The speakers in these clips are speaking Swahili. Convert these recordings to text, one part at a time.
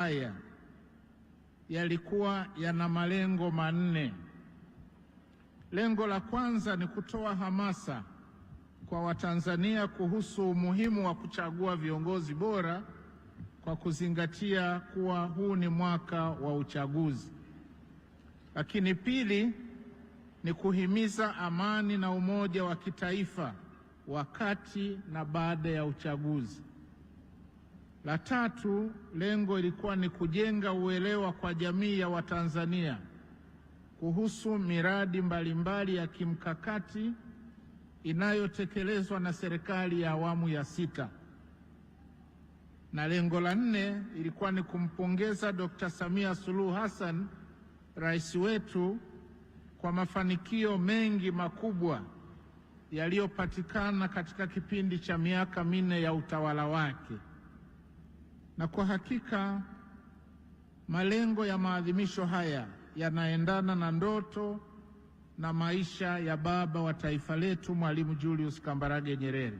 Haya yalikuwa yana malengo manne. Lengo la kwanza ni kutoa hamasa kwa Watanzania kuhusu umuhimu wa kuchagua viongozi bora kwa kuzingatia kuwa huu ni mwaka wa uchaguzi. Lakini pili ni kuhimiza amani na umoja wa kitaifa wakati na baada ya uchaguzi. La tatu, lengo ilikuwa ni kujenga uelewa kwa jamii ya Watanzania kuhusu miradi mbalimbali ya kimkakati inayotekelezwa na serikali ya awamu ya sita. Na lengo la nne ilikuwa ni kumpongeza Dr. Samia Suluhu Hassan rais wetu kwa mafanikio mengi makubwa yaliyopatikana katika kipindi cha miaka minne ya utawala wake. Na kwa hakika malengo ya maadhimisho haya yanaendana na ndoto na maisha ya baba wa taifa letu Mwalimu Julius Kambarage Nyerere.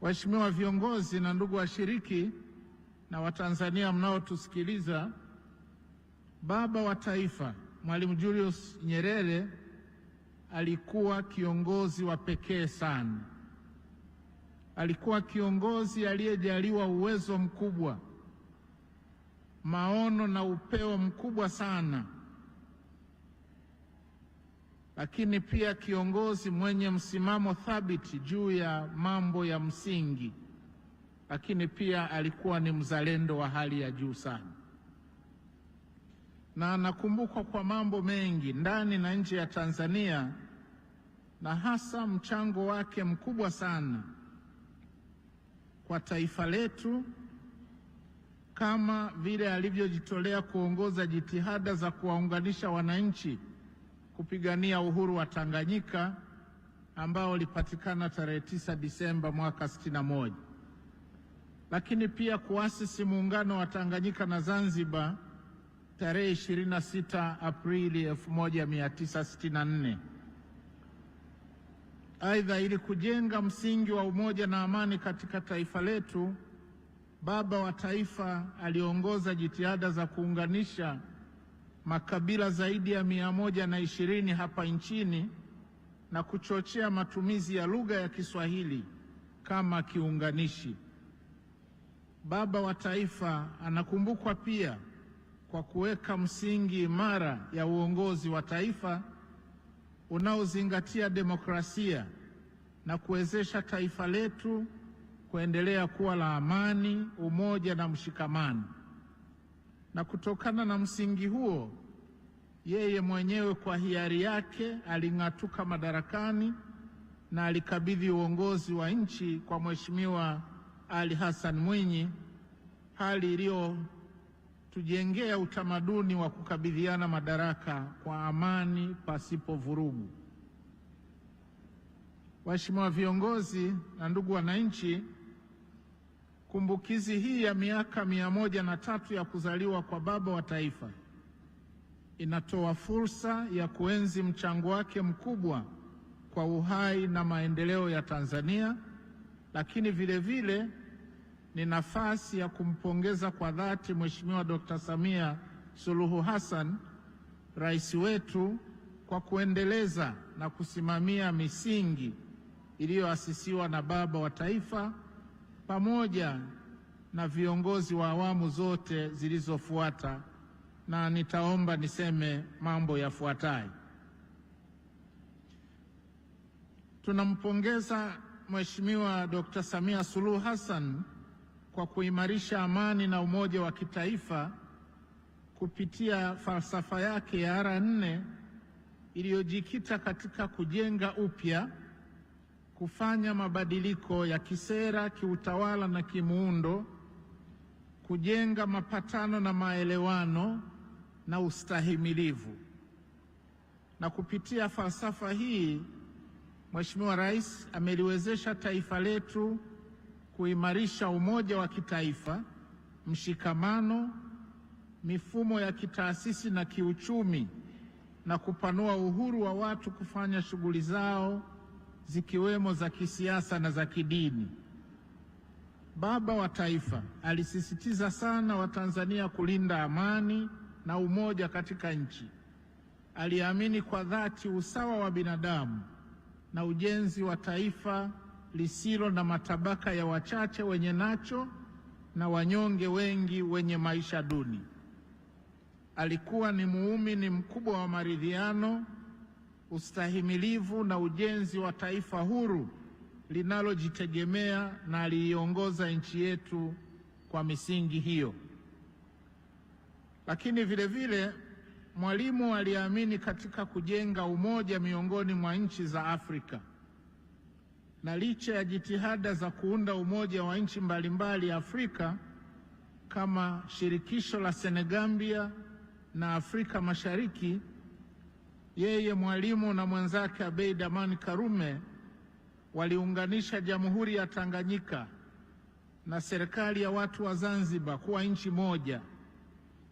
Waheshimiwa viongozi na ndugu washiriki na Watanzania mnaotusikiliza, baba wa taifa Mwalimu Julius Nyerere alikuwa kiongozi wa pekee sana. Alikuwa kiongozi aliyejaliwa uwezo mkubwa, maono na upeo mkubwa sana, lakini pia kiongozi mwenye msimamo thabiti juu ya mambo ya msingi, lakini pia alikuwa ni mzalendo wa hali ya juu sana na anakumbukwa kwa mambo mengi ndani na nje ya Tanzania na hasa mchango wake mkubwa sana kwa taifa letu kama vile alivyojitolea kuongoza jitihada za kuwaunganisha wananchi kupigania uhuru wa Tanganyika ambao ulipatikana tarehe 9 Disemba mwaka 61, lakini pia kuasisi muungano wa Tanganyika na Zanzibar tarehe 26 Aprili 1964. Aidha, ili kujenga msingi wa umoja na amani katika taifa letu, baba wa taifa aliongoza jitihada za kuunganisha makabila zaidi ya mia moja na ishirini hapa nchini na kuchochea matumizi ya lugha ya Kiswahili kama kiunganishi. Baba wa taifa anakumbukwa pia kwa kuweka msingi imara ya uongozi wa taifa unaozingatia demokrasia na kuwezesha taifa letu kuendelea kuwa la amani, umoja na mshikamano. Na kutokana na msingi huo, yeye mwenyewe kwa hiari yake aling'atuka madarakani na alikabidhi uongozi wa nchi kwa Mheshimiwa Ali Hassan Mwinyi, hali iliyo tujengea utamaduni wa kukabidhiana madaraka kwa amani pasipo vurugu. Waheshimiwa viongozi na ndugu wananchi, kumbukizi hii ya miaka mia moja na tatu ya kuzaliwa kwa baba wa taifa inatoa fursa ya kuenzi mchango wake mkubwa kwa uhai na maendeleo ya Tanzania, lakini vile vile ni nafasi ya kumpongeza kwa dhati Mheshimiwa Dkt. Samia Suluhu Hassan, rais wetu, kwa kuendeleza na kusimamia misingi iliyoasisiwa na baba wa taifa pamoja na viongozi wa awamu zote zilizofuata, na nitaomba niseme mambo yafuatayo. Tunampongeza Mheshimiwa Dkt. Samia Suluhu Hassan kwa kuimarisha amani na umoja wa kitaifa kupitia falsafa yake ya R nne iliyojikita katika kujenga upya, kufanya mabadiliko ya kisera, kiutawala na kimuundo, kujenga mapatano na maelewano na ustahimilivu. Na kupitia falsafa hii Mheshimiwa Rais ameliwezesha taifa letu kuimarisha umoja wa kitaifa, mshikamano, mifumo ya kitaasisi na kiuchumi na kupanua uhuru wa watu kufanya shughuli zao zikiwemo za kisiasa na za kidini. Baba wa Taifa alisisitiza sana Watanzania kulinda amani na umoja katika nchi. Aliamini kwa dhati usawa wa binadamu na ujenzi wa taifa lisilo na matabaka ya wachache wenye nacho na wanyonge wengi wenye maisha duni. Alikuwa ni muumini mkubwa wa maridhiano, ustahimilivu na ujenzi wa taifa huru linalojitegemea na aliiongoza nchi yetu kwa misingi hiyo. Lakini vile vile Mwalimu aliamini katika kujenga umoja miongoni mwa nchi za Afrika na licha ya jitihada za kuunda umoja wa nchi mbalimbali Afrika kama shirikisho la Senegambia na Afrika Mashariki, yeye Mwalimu na mwenzake Abeid Amani Karume waliunganisha Jamhuri ya Tanganyika na serikali ya watu wa Zanzibar kuwa nchi moja,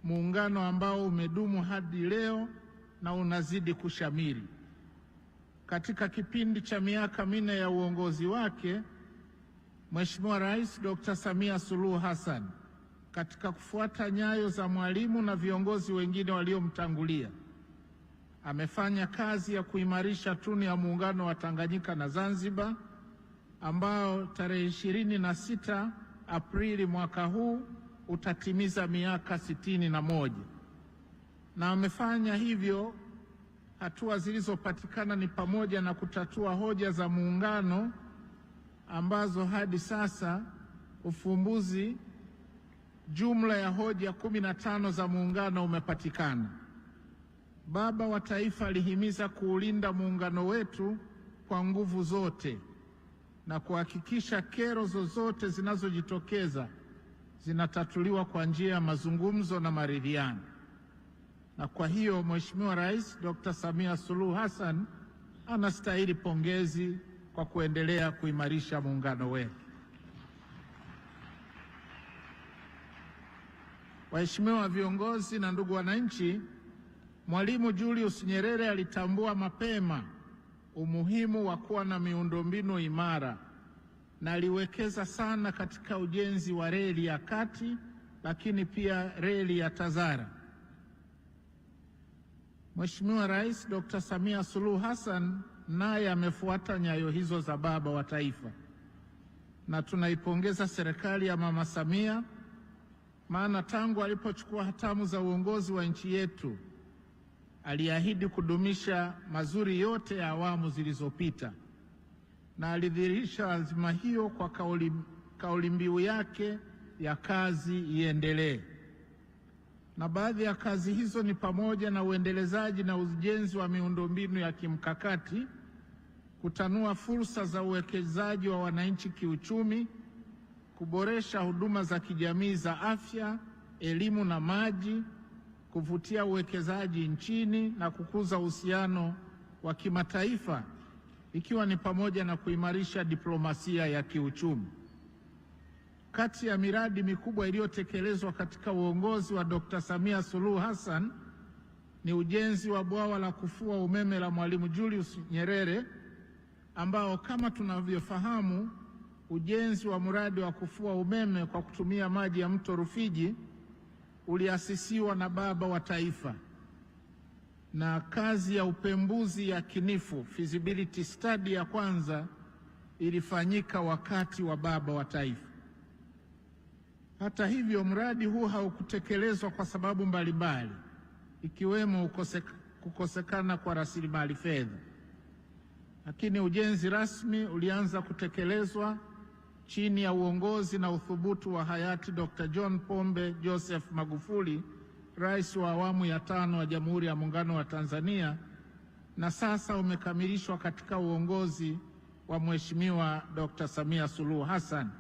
muungano ambao umedumu hadi leo na unazidi kushamiri. Katika kipindi cha miaka minne ya uongozi wake, Mheshimiwa Rais Dr. Samia Suluhu Hassan katika kufuata nyayo za Mwalimu na viongozi wengine waliomtangulia amefanya kazi ya kuimarisha tunu ya muungano wa Tanganyika na Zanzibar ambao tarehe sita Aprili mwaka huu utatimiza miaka sitini na moja na amefanya hivyo Hatua zilizopatikana ni pamoja na kutatua hoja za muungano ambazo hadi sasa ufumbuzi jumla ya hoja kumi na tano za muungano umepatikana. Baba wa Taifa alihimiza kuulinda muungano wetu kwa nguvu zote na kuhakikisha kero zozote zinazojitokeza zinatatuliwa kwa njia ya mazungumzo na maridhiano. Na kwa hiyo Mheshimiwa Rais Dr. Samia Suluhu Hassan anastahili pongezi kwa kuendelea kuimarisha muungano wetu. Waheshimiwa viongozi na ndugu wananchi, Mwalimu Julius Nyerere alitambua mapema umuhimu wa kuwa na miundombinu imara na aliwekeza sana katika ujenzi wa reli ya kati, lakini pia reli ya Tazara. Mheshimiwa Rais Dr. Samia Suluhu Hassan naye amefuata nyayo hizo za baba wa taifa, na tunaipongeza serikali ya Mama Samia, maana tangu alipochukua hatamu za uongozi wa nchi yetu aliahidi kudumisha mazuri yote ya awamu zilizopita, na alidhihirisha azima hiyo kwa kauli, kauli mbiu yake ya kazi iendelee na baadhi ya kazi hizo ni pamoja na uendelezaji na ujenzi wa miundombinu ya kimkakati, kutanua fursa za uwekezaji wa wananchi kiuchumi, kuboresha huduma za kijamii za afya, elimu na maji, kuvutia uwekezaji nchini na kukuza uhusiano wa kimataifa, ikiwa ni pamoja na kuimarisha diplomasia ya kiuchumi. Kati ya miradi mikubwa iliyotekelezwa katika uongozi wa Dr. Samia Suluhu Hassan ni ujenzi wa bwawa la kufua umeme la Mwalimu Julius Nyerere ambao kama tunavyofahamu, ujenzi wa mradi wa kufua umeme kwa kutumia maji ya mto Rufiji uliasisiwa na baba wa taifa, na kazi ya upembuzi ya kinifu feasibility study ya kwanza ilifanyika wakati wa baba wa taifa. Hata hivyo, mradi huu haukutekelezwa kwa sababu mbalimbali ikiwemo kukosekana kwa rasilimali fedha, lakini ujenzi rasmi ulianza kutekelezwa chini ya uongozi na uthubutu wa hayati Dr. John Pombe Joseph Magufuli, rais wa awamu ya tano wa Jamhuri ya Muungano wa Tanzania, na sasa umekamilishwa katika uongozi wa Mheshimiwa Dr. Samia Suluhu Hassan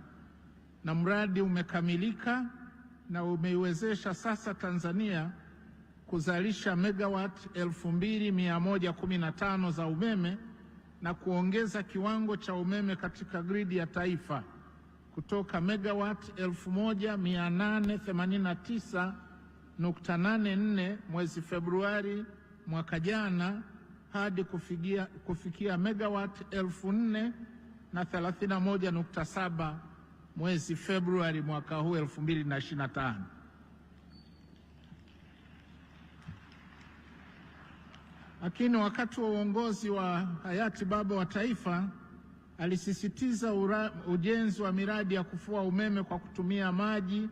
na mradi umekamilika na umeiwezesha sasa Tanzania kuzalisha megawati 2115 za umeme na kuongeza kiwango cha umeme katika gridi ya taifa kutoka megawati 1889.84 mwezi Februari mwaka jana hadi kufikia, kufikia megawati 4031.7 mwezi Februari mwaka huu 2025. Lakini wakati wa uongozi wa hayati baba wa taifa alisisitiza ura, ujenzi wa miradi ya kufua umeme kwa kutumia maji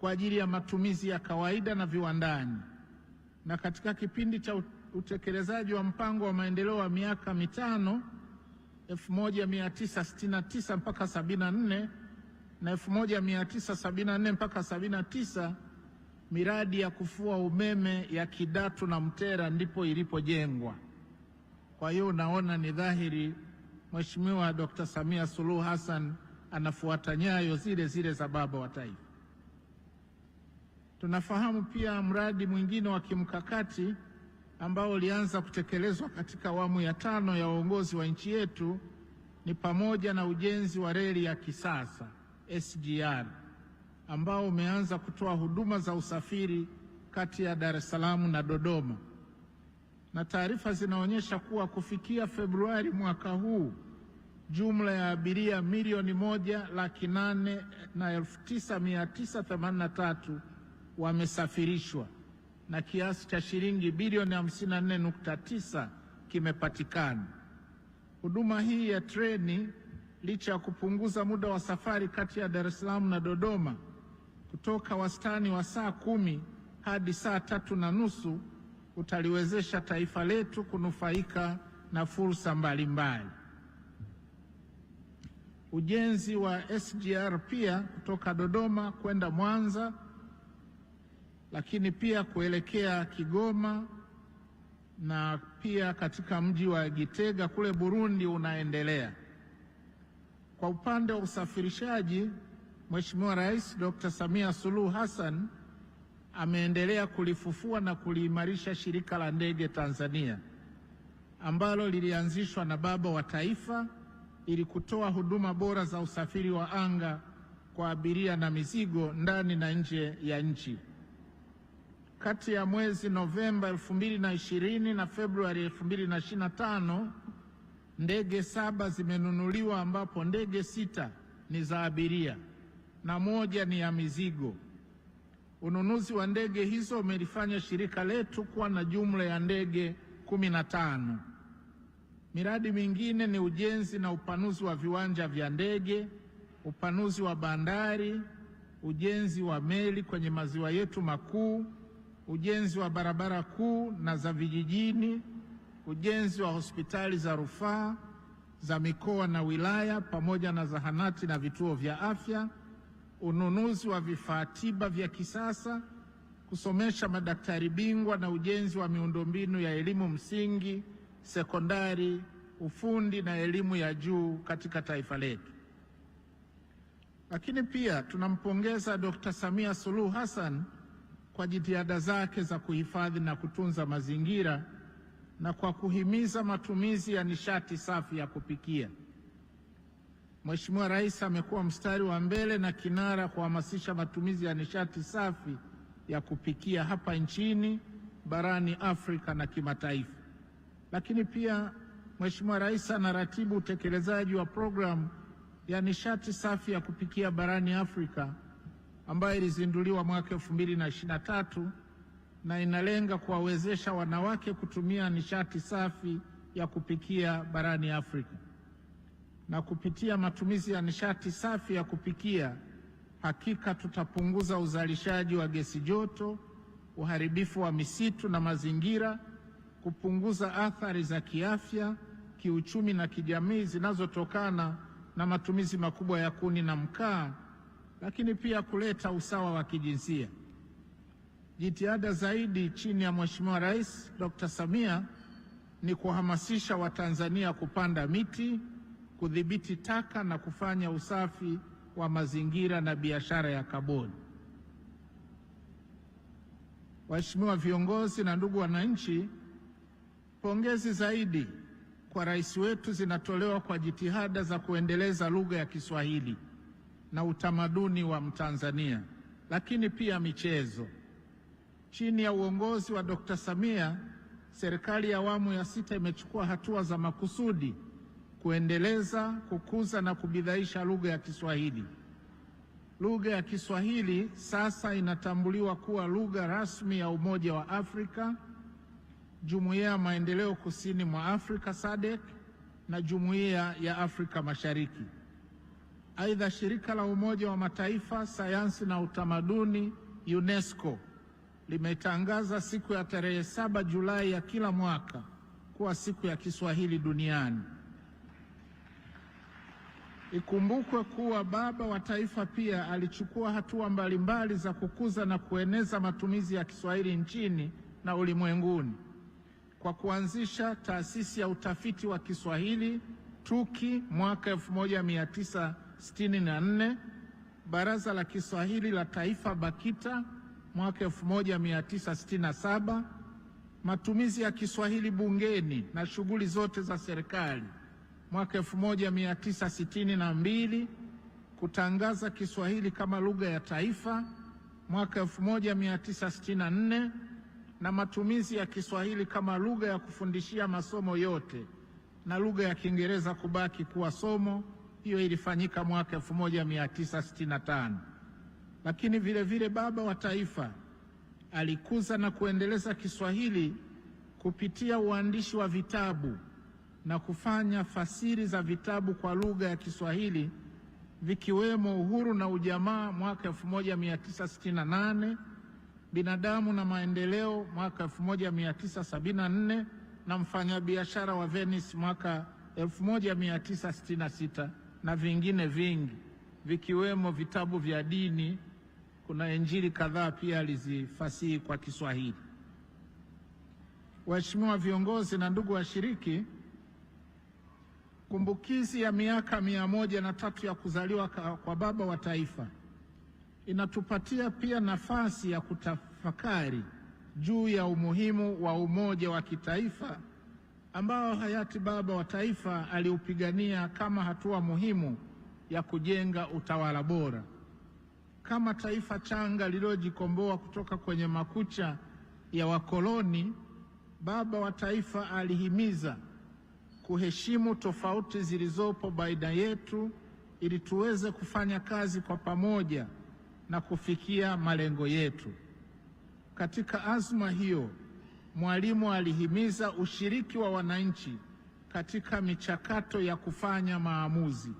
kwa ajili ya matumizi ya kawaida na viwandani. Na katika kipindi cha utekelezaji wa mpango wa maendeleo wa miaka mitano 1969 mpaka 74 na 1974 mpaka 79 miradi ya kufua umeme ya Kidatu na Mtera ndipo ilipojengwa. Kwa hiyo unaona ni dhahiri Mheshimiwa Dr. Samia Suluhu Hassan anafuata nyayo zile zile za baba wa taifa. Tunafahamu pia mradi mwingine wa kimkakati ambao ulianza kutekelezwa katika awamu ya tano ya uongozi wa nchi yetu ni pamoja na ujenzi wa reli ya kisasa. SGR ambao umeanza kutoa huduma za usafiri kati ya Dar es Salaam na Dodoma, na taarifa zinaonyesha kuwa kufikia Februari mwaka huu jumla ya abiria milioni moja laki nane na elfu tisa mia tisa themanini na tatu wamesafirishwa na kiasi cha shilingi bilioni 54.9 kimepatikana. Huduma hii ya treni licha ya kupunguza muda wa safari kati ya Dar es Salaam na Dodoma kutoka wastani wa saa kumi hadi saa tatu na nusu utaliwezesha taifa letu kunufaika na fursa mbalimbali Ujenzi wa SGR pia kutoka Dodoma kwenda Mwanza, lakini pia kuelekea Kigoma na pia katika mji wa Gitega kule Burundi unaendelea. Kwa upande wa usafirishaji, Mheshimiwa Rais Dr. Samia Suluhu Hassan ameendelea kulifufua na kuliimarisha shirika la ndege Tanzania ambalo lilianzishwa na baba wa taifa ili kutoa huduma bora za usafiri wa anga kwa abiria na mizigo ndani na nje ya nchi. Kati ya mwezi Novemba 2020 na Februari 2025 ndege saba zimenunuliwa ambapo ndege sita ni za abiria na moja ni ya mizigo. Ununuzi wa ndege hizo umelifanya shirika letu kuwa na jumla ya ndege kumi na tano. Miradi mingine ni ujenzi na upanuzi wa viwanja vya ndege, upanuzi wa bandari, ujenzi wa meli kwenye maziwa yetu makuu, ujenzi wa barabara kuu na za vijijini ujenzi wa hospitali za rufaa za mikoa na wilaya pamoja na zahanati na vituo vya afya, ununuzi wa vifaa tiba vya kisasa, kusomesha madaktari bingwa na ujenzi wa miundombinu ya elimu msingi, sekondari, ufundi na elimu ya juu katika taifa letu. Lakini pia tunampongeza Dkt. Samia Suluhu Hassan kwa jitihada zake za kuhifadhi na kutunza mazingira na kwa kuhimiza matumizi ya nishati safi ya kupikia. Mheshimiwa Rais amekuwa mstari wa mbele na kinara kuhamasisha matumizi ya nishati safi ya kupikia hapa nchini, barani Afrika na kimataifa. Lakini pia Mheshimiwa Rais anaratibu utekelezaji wa programu ya nishati safi ya kupikia barani Afrika ambayo ilizinduliwa mwaka 2023 na inalenga kuwawezesha wanawake kutumia nishati safi ya kupikia barani Afrika. Na kupitia matumizi ya nishati safi ya kupikia, hakika tutapunguza uzalishaji wa gesi joto, uharibifu wa misitu na mazingira, kupunguza athari za kiafya, kiuchumi na kijamii zinazotokana na matumizi makubwa ya kuni na mkaa, lakini pia kuleta usawa wa kijinsia. Jitihada zaidi chini ya Mheshimiwa Rais Dr. Samia ni kuhamasisha Watanzania kupanda miti, kudhibiti taka na kufanya usafi wa mazingira na biashara ya kaboni. Waheshimiwa viongozi na ndugu wananchi, pongezi zaidi kwa rais wetu zinatolewa kwa jitihada za kuendeleza lugha ya Kiswahili na utamaduni wa Mtanzania, lakini pia michezo Chini ya uongozi wa Dkt. Samia, serikali ya awamu ya sita imechukua hatua za makusudi kuendeleza, kukuza na kubidhaisha lugha ya Kiswahili. Lugha ya Kiswahili sasa inatambuliwa kuwa lugha rasmi ya Umoja wa Afrika, Jumuiya ya Maendeleo Kusini mwa Afrika SADC na Jumuiya ya Afrika Mashariki. Aidha, shirika la Umoja wa Mataifa sayansi na utamaduni UNESCO limetangaza siku ya tarehe saba Julai ya kila mwaka kuwa siku ya Kiswahili duniani. Ikumbukwe kuwa Baba wa Taifa pia alichukua hatua mbalimbali za kukuza na kueneza matumizi ya Kiswahili nchini na ulimwenguni kwa kuanzisha taasisi ya utafiti wa Kiswahili TUKI mwaka 1964, Baraza la Kiswahili la Taifa BAKITA mwaka 1967 matumizi ya Kiswahili bungeni na shughuli zote za serikali mwaka 1962 kutangaza Kiswahili kama lugha ya taifa mwaka 1964 na matumizi ya Kiswahili kama lugha ya kufundishia masomo yote na lugha ya Kiingereza kubaki kuwa somo. Hiyo ilifanyika mwaka 1965. Lakini vile vile baba wa taifa alikuza na kuendeleza Kiswahili kupitia uandishi wa vitabu na kufanya fasiri za vitabu kwa lugha ya Kiswahili vikiwemo Uhuru na Ujamaa mwaka 1968, Binadamu na Maendeleo mwaka 1974 na Mfanyabiashara wa Venice mwaka 1966 na vingine vingi vikiwemo vitabu vya dini kuna Injili kadhaa pia alizifasihi kwa Kiswahili. Waheshimiwa viongozi na ndugu washiriki, kumbukizi ya miaka mia moja na tatu ya kuzaliwa kwa Baba wa Taifa inatupatia pia nafasi ya kutafakari juu ya umuhimu wa umoja wa kitaifa ambao hayati Baba wa Taifa aliupigania kama hatua muhimu ya kujenga utawala bora kama taifa changa lililojikomboa kutoka kwenye makucha ya wakoloni, baba wa taifa alihimiza kuheshimu tofauti zilizopo baina yetu ili tuweze kufanya kazi kwa pamoja na kufikia malengo yetu. Katika azma hiyo, Mwalimu alihimiza ushiriki wa wananchi katika michakato ya kufanya maamuzi,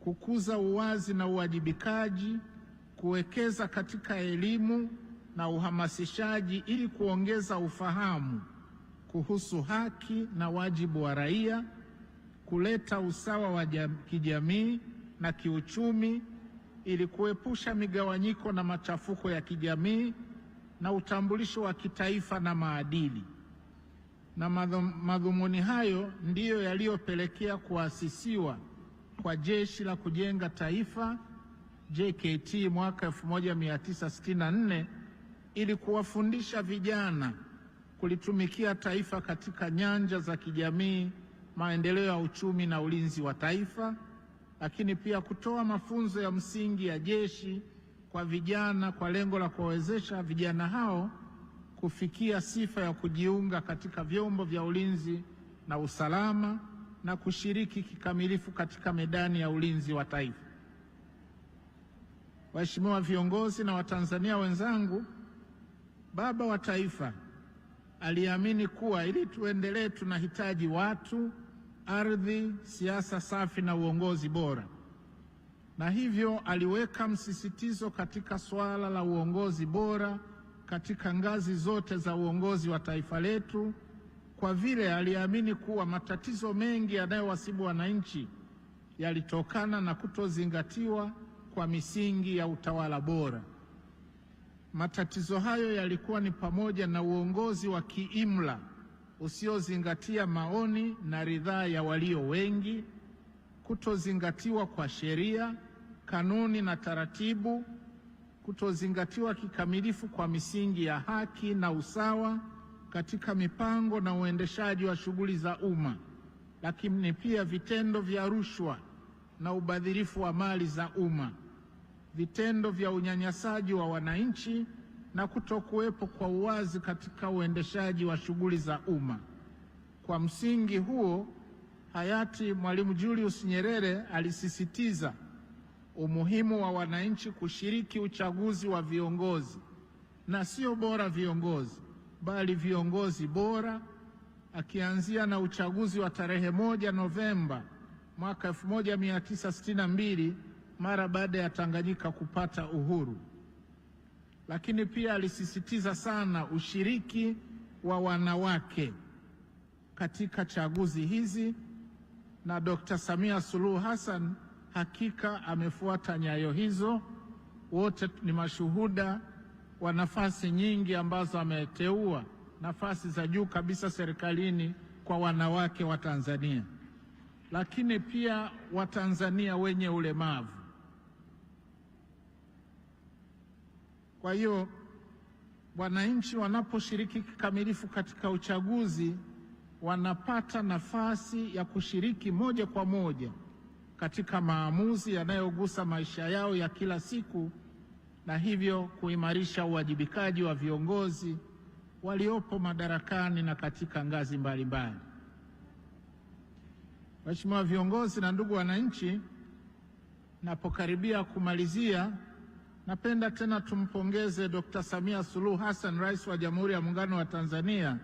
kukuza uwazi na uwajibikaji kuwekeza katika elimu na uhamasishaji ili kuongeza ufahamu kuhusu haki na wajibu wa raia, kuleta usawa wa kijamii na kiuchumi ili kuepusha migawanyiko na machafuko ya kijamii na utambulisho wa kitaifa na maadili. Na madhumuni hayo ndiyo yaliyopelekea kuasisiwa kwa Jeshi la Kujenga Taifa JKT mwaka 1964 ili kuwafundisha vijana kulitumikia taifa katika nyanja za kijamii, maendeleo ya uchumi na ulinzi wa taifa, lakini pia kutoa mafunzo ya msingi ya jeshi kwa vijana kwa lengo la kuwawezesha vijana hao kufikia sifa ya kujiunga katika vyombo vya ulinzi na usalama na kushiriki kikamilifu katika medani ya ulinzi wa taifa. Waheshimiwa viongozi na Watanzania wenzangu, baba wa taifa aliamini kuwa ili tuendelee tunahitaji watu, ardhi, siasa safi na uongozi bora, na hivyo aliweka msisitizo katika suala la uongozi bora katika ngazi zote za uongozi wa taifa letu, kwa vile aliamini kuwa matatizo mengi yanayowasibu wananchi yalitokana na kutozingatiwa kwa misingi ya utawala bora. Matatizo hayo yalikuwa ni pamoja na uongozi wa kiimla usiozingatia maoni na ridhaa ya walio wengi, kutozingatiwa kwa sheria, kanuni na taratibu, kutozingatiwa kikamilifu kwa misingi ya haki na usawa katika mipango na uendeshaji wa shughuli za umma, lakini pia vitendo vya rushwa na ubadhirifu wa mali za umma vitendo vya unyanyasaji wa wananchi na kutokuwepo kwa uwazi katika uendeshaji wa shughuli za umma. Kwa msingi huo, hayati Mwalimu Julius Nyerere alisisitiza umuhimu wa wananchi kushiriki uchaguzi wa viongozi, na sio bora viongozi, bali viongozi bora, akianzia na uchaguzi wa tarehe moja Novemba mwaka 1962 mara baada ya Tanganyika kupata uhuru, lakini pia alisisitiza sana ushiriki wa wanawake katika chaguzi hizi, na Dr. Samia Suluhu Hassan hakika amefuata nyayo hizo. Wote ni mashuhuda wa nafasi nyingi ambazo ameteua, nafasi za juu kabisa serikalini kwa wanawake wa Tanzania, lakini pia Watanzania wenye ulemavu Kwa hiyo wananchi wanaposhiriki kikamilifu katika uchaguzi wanapata nafasi ya kushiriki moja kwa moja katika maamuzi yanayogusa maisha yao ya kila siku na hivyo kuimarisha uwajibikaji wa viongozi waliopo madarakani na katika ngazi mbalimbali. Waheshimiwa viongozi na ndugu wananchi, napokaribia kumalizia Napenda tena tumpongeze Dkt. Samia Suluhu Hassan, Rais wa Jamhuri ya Muungano wa Tanzania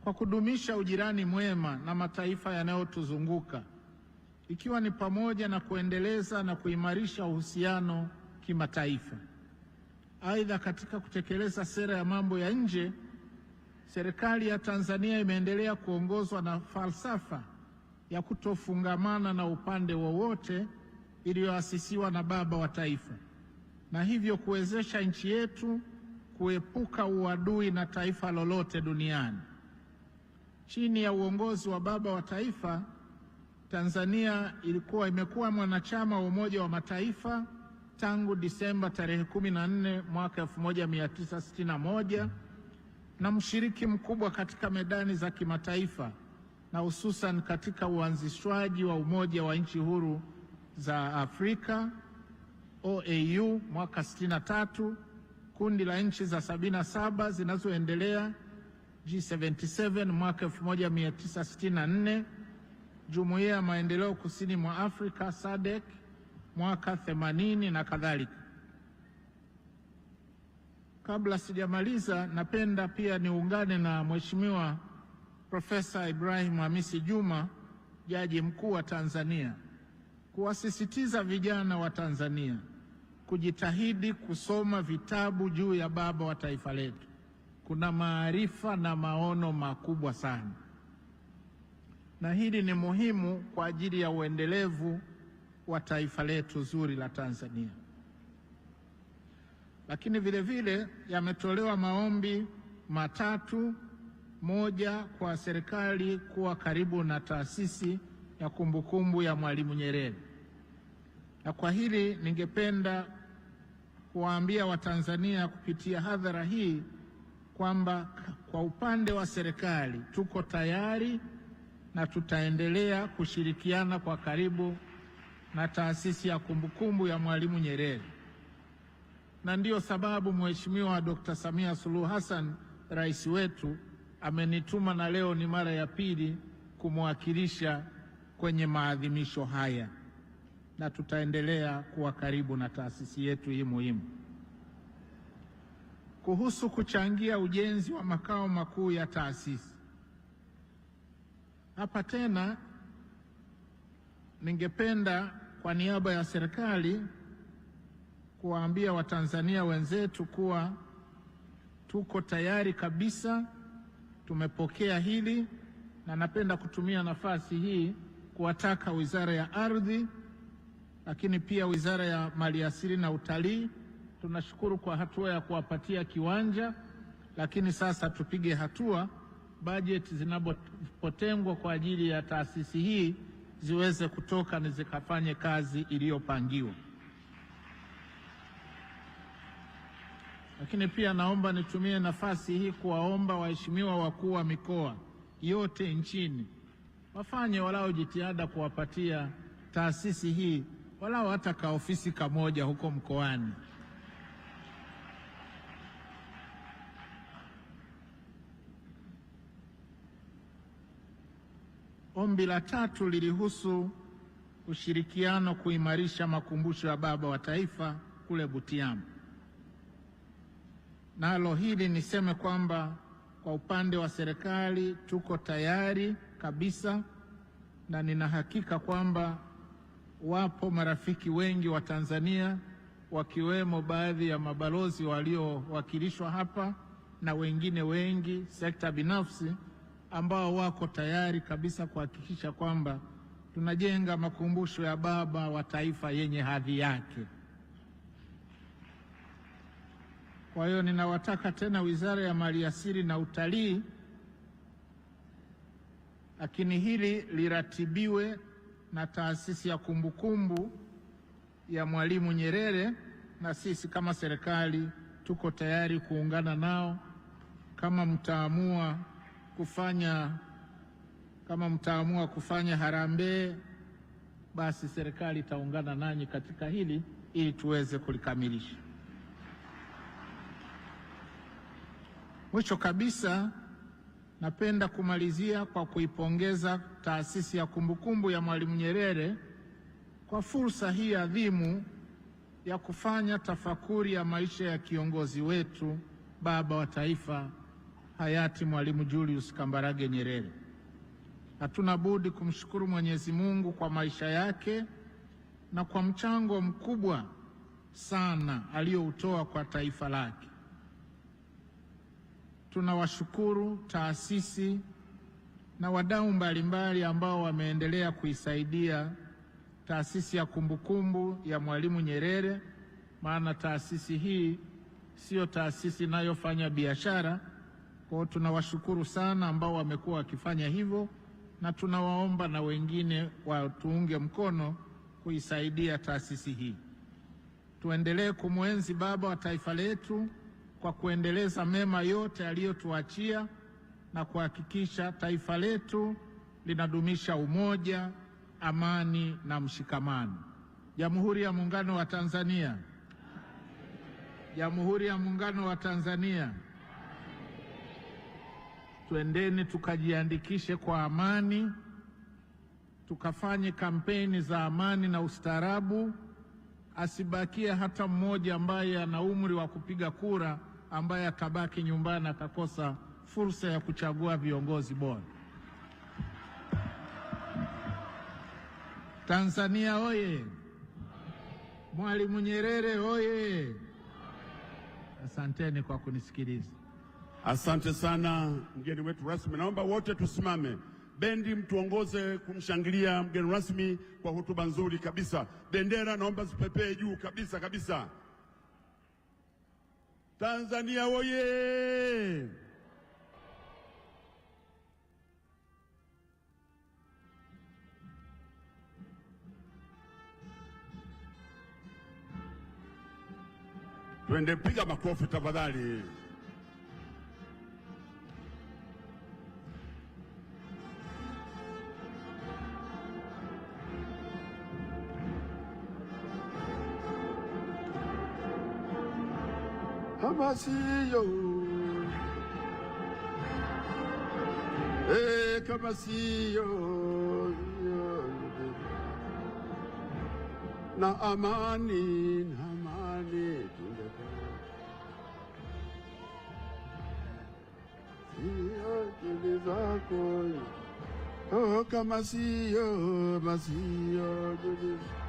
kwa kudumisha ujirani mwema na mataifa yanayotuzunguka ikiwa ni pamoja na kuendeleza na kuimarisha uhusiano kimataifa. Aidha, katika kutekeleza sera ya mambo ya nje, serikali ya Tanzania imeendelea kuongozwa na falsafa ya kutofungamana na upande wowote iliyoasisiwa na Baba wa Taifa na hivyo kuwezesha nchi yetu kuepuka uadui na taifa lolote duniani. Chini ya uongozi wa baba wa taifa, Tanzania ilikuwa imekuwa mwanachama wa Umoja wa Mataifa tangu Disemba tarehe 14 mwaka 1961 na mshiriki mkubwa katika medani za kimataifa na hususan katika uanzishwaji wa Umoja wa Nchi Huru za Afrika OAU mwaka 63, kundi la nchi za 77 zinazoendelea G77 mwaka 1964, jumuiya ya maendeleo kusini mwa Afrika SADC e mwaka 80 na kadhalika. Kabla sijamaliza, napenda pia niungane na Mheshimiwa Profesa Ibrahim Hamisi Juma, Jaji Mkuu wa Tanzania kuwasisitiza vijana wa Tanzania kujitahidi kusoma vitabu juu ya baba wa taifa letu. Kuna maarifa na maono makubwa sana, na hili ni muhimu kwa ajili ya uendelevu wa taifa letu zuri la Tanzania. Lakini vile vile yametolewa maombi matatu. Moja, kwa serikali kuwa karibu na taasisi ya kumbukumbu ya Mwalimu Nyerere. Na kwa hili ningependa kuwaambia Watanzania kupitia hadhara hii kwamba kwa upande wa serikali tuko tayari na tutaendelea kushirikiana kwa karibu na taasisi ya kumbukumbu ya Mwalimu Nyerere, na ndiyo sababu Mheshimiwa Dkt. Samia Suluhu Hassan rais wetu amenituma na leo ni mara ya pili kumwakilisha kwenye maadhimisho haya na tutaendelea kuwa karibu na taasisi yetu hii muhimu. Kuhusu kuchangia ujenzi wa makao makuu ya taasisi, hapa tena ningependa kwa niaba ya serikali kuwaambia Watanzania wenzetu kuwa tuko tayari kabisa, tumepokea hili na napenda kutumia nafasi hii kuwataka Wizara ya Ardhi lakini pia Wizara ya Maliasili na Utalii, tunashukuru kwa hatua ya kuwapatia kiwanja, lakini sasa tupige hatua bajeti zinapotengwa kwa ajili ya taasisi hii ziweze kutoka na zikafanye kazi iliyopangiwa. Lakini pia naomba nitumie nafasi hii kuwaomba waheshimiwa wakuu wa mikoa yote nchini wafanye walao jitihada kuwapatia taasisi hii walau hata ka ofisi kamoja huko mkoani. Ombi la tatu lilihusu ushirikiano kuimarisha makumbusho ya baba wa taifa kule Butiama. Nalo hili niseme kwamba kwa upande wa serikali tuko tayari kabisa na nina hakika kwamba wapo marafiki wengi wa Tanzania wakiwemo baadhi ya mabalozi waliowakilishwa hapa na wengine wengi sekta binafsi ambao wako tayari kabisa kuhakikisha kwamba tunajenga makumbusho ya baba wa taifa yenye hadhi yake. Kwa hiyo ninawataka tena Wizara ya Maliasili na Utalii, lakini hili liratibiwe na taasisi ya kumbukumbu kumbu ya Mwalimu Nyerere, na sisi kama serikali tuko tayari kuungana nao kama mtaamua kufanya kama mtaamua kufanya harambee, basi serikali itaungana nanyi katika hili ili tuweze kulikamilisha. Mwisho kabisa Napenda kumalizia kwa kuipongeza taasisi ya kumbukumbu ya Mwalimu Nyerere kwa fursa hii adhimu ya kufanya tafakuri ya maisha ya kiongozi wetu, baba wa taifa, hayati Mwalimu Julius Kambarage Nyerere. Hatuna budi kumshukuru Mwenyezi Mungu kwa maisha yake na kwa mchango mkubwa sana aliyoutoa kwa taifa lake. Tunawashukuru taasisi na wadau mbalimbali ambao wameendelea kuisaidia taasisi ya kumbukumbu ya Mwalimu Nyerere, maana taasisi hii siyo taasisi inayofanya biashara. Kwa hiyo tunawashukuru sana ambao wamekuwa wakifanya hivyo, na tunawaomba na wengine watuunge mkono kuisaidia taasisi hii. Tuendelee kumwenzi baba wa taifa letu kwa kuendeleza mema yote aliyotuachia na kuhakikisha taifa letu linadumisha umoja, amani na mshikamano. Jamhuri ya Muungano wa Tanzania. Jamhuri ya Muungano wa Tanzania. Twendeni tukajiandikishe kwa amani, tukafanye kampeni za amani na ustaarabu. Asibakie hata mmoja ambaye ana umri wa kupiga kura ambaye akabaki nyumbani akakosa fursa ya kuchagua viongozi bora. Tanzania oye! Mwalimu Nyerere oye! Asanteni kwa kunisikiliza. Asante sana mgeni wetu rasmi. Naomba wote tusimame, bendi mtuongoze kumshangilia mgeni rasmi kwa hotuba nzuri kabisa. Bendera naomba zipepee juu kabisa kabisa. Tanzania woye! Twende piga makofi tafadhali. masiyo eka masiyo na amani na amani sio jili zako kama sio masio jili